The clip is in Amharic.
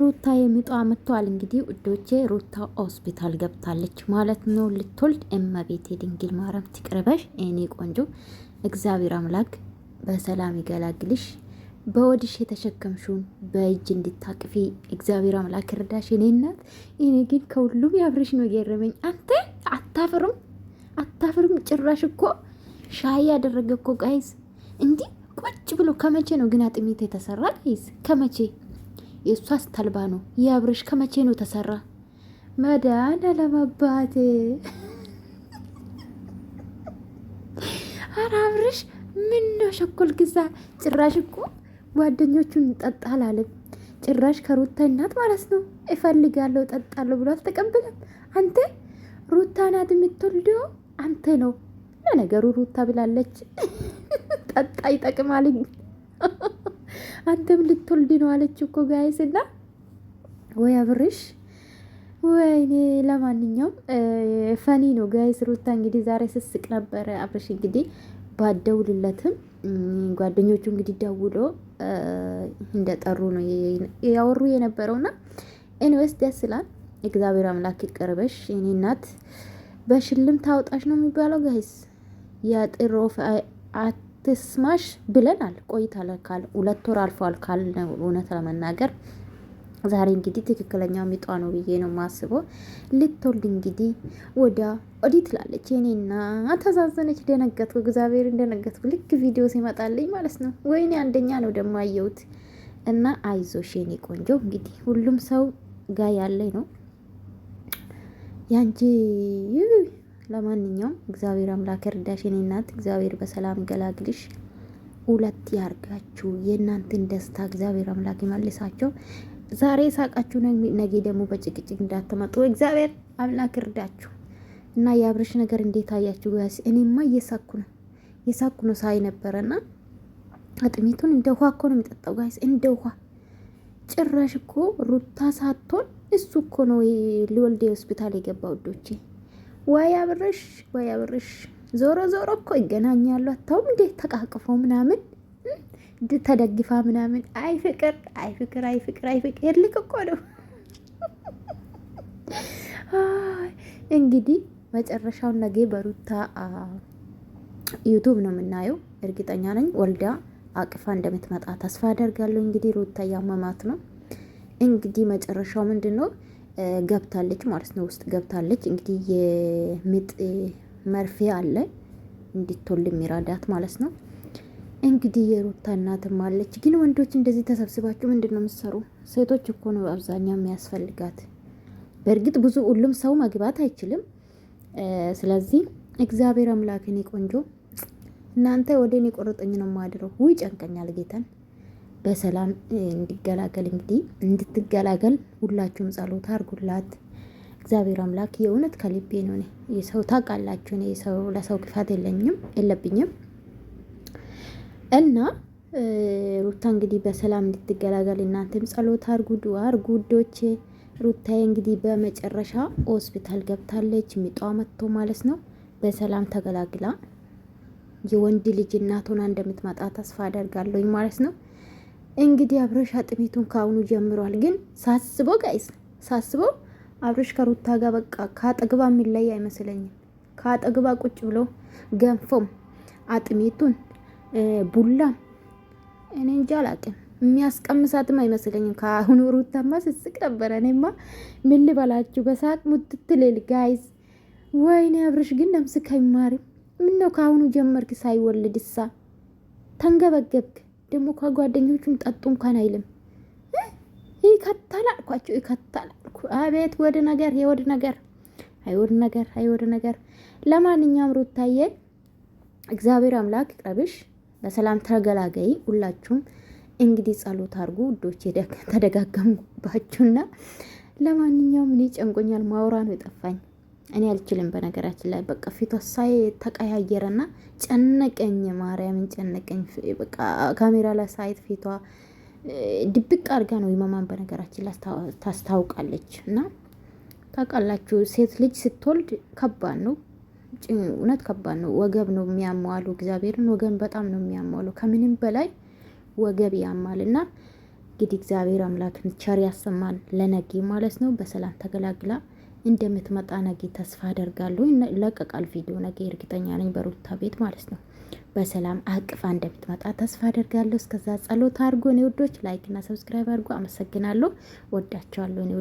ሩታ የምጧ መጥቷል። እንግዲህ ውዶቼ ሩታ ሆስፒታል ገብታለች ማለት ነው ልትወልድ። እመቤቴ ድንግል ማርያም ትቅርበሽ። እኔ ቆንጆ እግዚአብሔር አምላክ በሰላም ይገላግልሽ። በወድሽ የተሸከምሽውን በእጅ እንድታቅፊ እግዚአብሔር አምላክ እርዳሽ። እኔ እናት፣ እኔ ግን ከሁሉም ያብረሽ ነው የገረመኝ። አንተ አታፍርም አታፍርም? ጭራሽ እኮ ሻይ ያደረገ እኮ ጋይዝ፣ እንዲህ ቁጭ ብሎ ከመቼ ነው ግን አጥሚት የተሰራ ጋይዝ? ከመቼ የእሷስ ተልባ ነው። የአብርሽ ከመቼ ነው ተሰራ? መዳን አለመባት አረ አብርሽ ምን ነው ሸኮል ግዛ። ጭራሽ እኮ ጓደኞቹን ጠጣል አለም ጭራሽ ከሩታ እናት ማለት ነው እፈልጋለሁ ጠጣለሁ ብሎ አልተቀበለም። አንተ ሩታ ናት የምትወልደው አንተ ነው። ለነገሩ ሩታ ብላለች ጠጣ ይጠቅማልኝ አንተም ልትወልድ ነው አለች እኮ ጋይስ። እና ወይ አብርሽ ወይኔ ለማንኛውም ፈኒ ነው ጋይስ። ሩታ እንግዲህ ዛሬ ስስቅ ነበረ። አብርሽ እንግዲህ ባደውልለትም ጓደኞቹ እንግዲህ ደውሎ እንደጠሩ ነው ያወሩ የነበረውና ኤንዌስ ደስ ይላል። እግዚአብሔር አምላክ ይቀርበሽ እኔ እናት በሽልም ታውጣሽ ነው የሚባለው ጋይስ። የጥሮፍ ትስማሽ ብለናል ቆይታል ካል ሁለት ወር አልፏል ካል ነው እውነት ለመናገር ዛሬ እንግዲህ ትክክለኛው ሚጧ ነው ብዬ ነው ማስበው። ልትወልድ እንግዲህ ወዳ ኦዲ ትላለች። እኔና ተዛዘነች። ደነገጥኩ፣ እግዚአብሔር እንደነገጥኩ ልክ ቪዲዮ ሲመጣልኝ ማለት ነው። ወይኔ አንደኛ ነው ደግሞ አየሁት እና አይዞሽ የኔ ቆንጆ። እንግዲህ ሁሉም ሰው ጋ ያለ ነው ያንቺ ለማንኛውም እግዚአብሔር አምላክ እርዳሽ የኔ እናት፣ እግዚአብሔር በሰላም ገላግልሽ፣ ሁለት ያርጋችሁ። የእናንተን ደስታ እግዚአብሔር አምላክ ይመልሳቸው። ዛሬ ሳቃችሁ ነገ ደግሞ በጭቅጭቅ እንዳትመጡ እግዚአብሔር አምላክ እርዳችሁ። እና የአብረሽ ነገር እንዴት አያችሁ? ያስ እኔማ እየሳኩ ነው እየሳኩ ነው ሳይ ነበረና አጥሚቱን እንደ ውሃ እኮ ነው የሚጠጣው ጋይስ፣ እንደ ውሃ ጭራሽ እኮ ሩታ ሳትሆን እሱ እኮ ነው ሊወልድ ሆስፒታል የገባ ውዶቼ ወይ አብርሽ ወይ አብርሽ ዞሮ ዞሮ እኮ ይገናኛሉ። አታውም እንዴ ተቃቅፎ ምናምን ተደግፋ ምናምን። አይ ፍቅር አይ ፍቅር አይ ፍቅር አይ ፍቅር ልክ እኮ ነው። እንግዲህ መጨረሻው ነገ በሩታ ዩቱብ ነው የምናየው። እርግጠኛ ነኝ ወልዳ አቅፋ እንደምትመጣ ተስፋ አደርጋለሁ። እንግዲህ ሩታ እያመማት ነው። እንግዲህ መጨረሻው ምንድን ነው? ገብታለች ማለት ነው። ውስጥ ገብታለች። እንግዲህ የምጥ መርፌ አለ እንዲቶል የሚራዳት ማለት ነው። እንግዲህ የሩታ እናትም አለች። ግን ወንዶች እንደዚህ ተሰብስባችሁ ምንድን ነው የምትሰሩ? ሴቶች እኮ ነው አብዛኛው የሚያስፈልጋት። በእርግጥ ብዙ ሁሉም ሰው መግባት አይችልም። ስለዚህ እግዚአብሔር አምላክ እኔ ቆንጆ እናንተ ወደ እኔ ቆረጠኝ ነው የማድረው። ውይ ጨንቀኛል ጌታን በሰላም እንዲገላገል እንግዲህ እንድትገላገል ሁላችሁም ጸሎት አርጉላት እግዚአብሔር አምላክ የእውነት ከልቤ ነው። የሰው ታውቃላችሁ፣ እኔ የሰው ለሰው ክፋት የለኝም የለብኝም እና ሩታ እንግዲህ በሰላም እንድትገላገል እናንተም ጸሎት አርጉ፣ ዱአ አርጉ ውዶቼ። ሩታዬ እንግዲህ በመጨረሻ ሆስፒታል ገብታለች፣ ሚጧ መጥቶ ማለት ነው። በሰላም ተገላግላ የወንድ ልጅ እናት ሆና እንደምትመጣ ተስፋ አደርጋለሁኝ ማለት ነው። እንግዲህ አብረሽ አጥሚቱን ከአሁኑ ጀምሯል። ግን ሳስቦ ጋይስ ሳስቦ አብረሽ ከሩታ ጋር በቃ ከአጠግባ የሚለይ አይመስለኝም። ከአጠግባ ቁጭ ብሎ ገንፎም አጥሚቱን ቡላም እኔ እንጃ አላቅም የሚያስቀምሳትም አይመስለኝም። ከአሁኑ ሩታማ ስስቅ ነበረ። እኔማ ምን ልበላችሁ በሳቅ ሙትትልል ጋይዝ። ወይኔ አብረሽ ግን ነምስክ አይማርም። ምነው ከአሁኑ ጀመርክ ሳይወልድሳ ተንገበገብክ? ደግሞ ከጓደኞቹም ጠጡ እንኳን አይልም። ይከተል አልኳቸው፣ ይከተል አቤት ወደ ነገር የወድ ነገር አይወድ ነገር አይወድ ነገር። ለማንኛውም ሩታዬ እግዚአብሔር አምላክ ይቅረብሽ፣ በሰላም ተገላገይ። ሁላችሁም እንግዲህ ጸሎት አድርጉ ውዶች፣ ተደጋገሙባችሁና ለማንኛውም እኔ ጨንቆኛል፣ ማውራ ነው የጠፋኝ። እኔ አልችልም። በነገራችን ላይ በቃ ፊቷ ሳይ ተቀያየረና ጨነቀኝ፣ ማርያምን ጨነቀኝ። በቃ ካሜራ ላይ ሳይት ፊቷ ድብቅ አድርጋ ነው ይመማን በነገራችን ላይ ታስታውቃለች። እና ታውቃላችሁ ሴት ልጅ ስትወልድ ከባድ ነው፣ እውነት ከባድ ነው። ወገብ ነው የሚያሟሉ፣ እግዚአብሔርን ወገን በጣም ነው የሚያሟሉ። ከምንም በላይ ወገብ ያማል እና እንግዲህ እግዚአብሔር አምላክን ቸር ያሰማን ለነጌ ማለት ነው። በሰላም ተገላግላ እንደምትመጣ ነገ ተስፋ አደርጋለሁ። ለቀቃል ቪዲዮ ነገ እርግጠኛ ነኝ፣ በሩታ ቤት ማለት ነው። በሰላም አቅፋ እንደምትመጣ ተስፋ አደርጋለሁ። እስከዛ ጸሎት አድርጎ እኔ ውዶች እና ሰብስክራይብ አድርጎ አመሰግናለሁ። ወዳቸዋለሁ እኔ